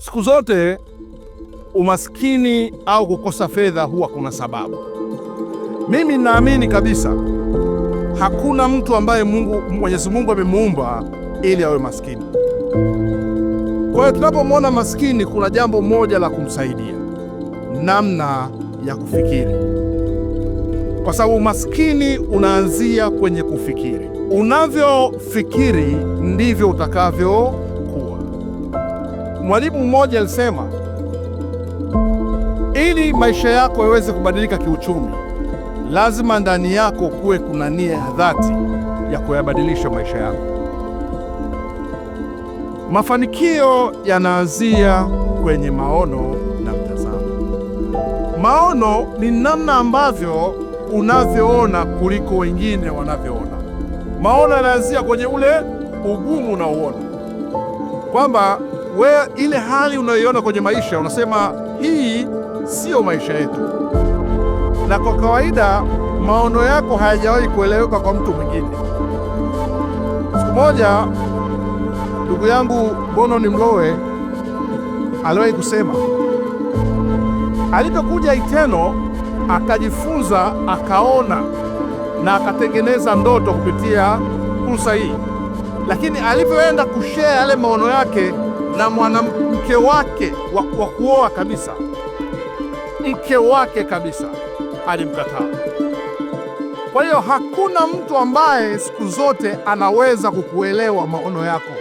Siku zote umaskini au kukosa fedha huwa kuna sababu. Mimi ninaamini kabisa hakuna mtu ambaye Mungu, Mwenyezi Mungu amemuumba ili awe maskini. Kwa hiyo tunapomwona maskini, kuna jambo moja la kumsaidia, namna ya kufikiri, kwa sababu umaskini unaanzia kwenye kufikiri. Unavyofikiri ndivyo utakavyo Mwalimu mmoja alisema, ili maisha yako yaweze kubadilika kiuchumi, lazima ndani yako kuwe kuna nia ya dhati ya kuyabadilisha maisha yako. Mafanikio yanaanzia kwenye maono na mtazamo. Maono ni namna ambavyo unavyoona kuliko wengine wanavyoona. Maono yanaanzia kwenye ule ugumu unaoona kwamba we ile hali unayoiona kwenye maisha unasema hii siyo maisha yetu, na kwa kawaida maono yako hayajawahi kueleweka kwa mtu mwingine. Siku moja ndugu yangu bono ni Mlowe aliwahi kusema, alipokuja Iteno akajifunza, akaona na akatengeneza ndoto kupitia fursa hii, lakini alipoenda kushea yale maono yake na mwanamke wake wa kuoa kabisa, mke wake kabisa alimkataa. Kwa hiyo hakuna mtu ambaye siku zote anaweza kukuelewa maono yako.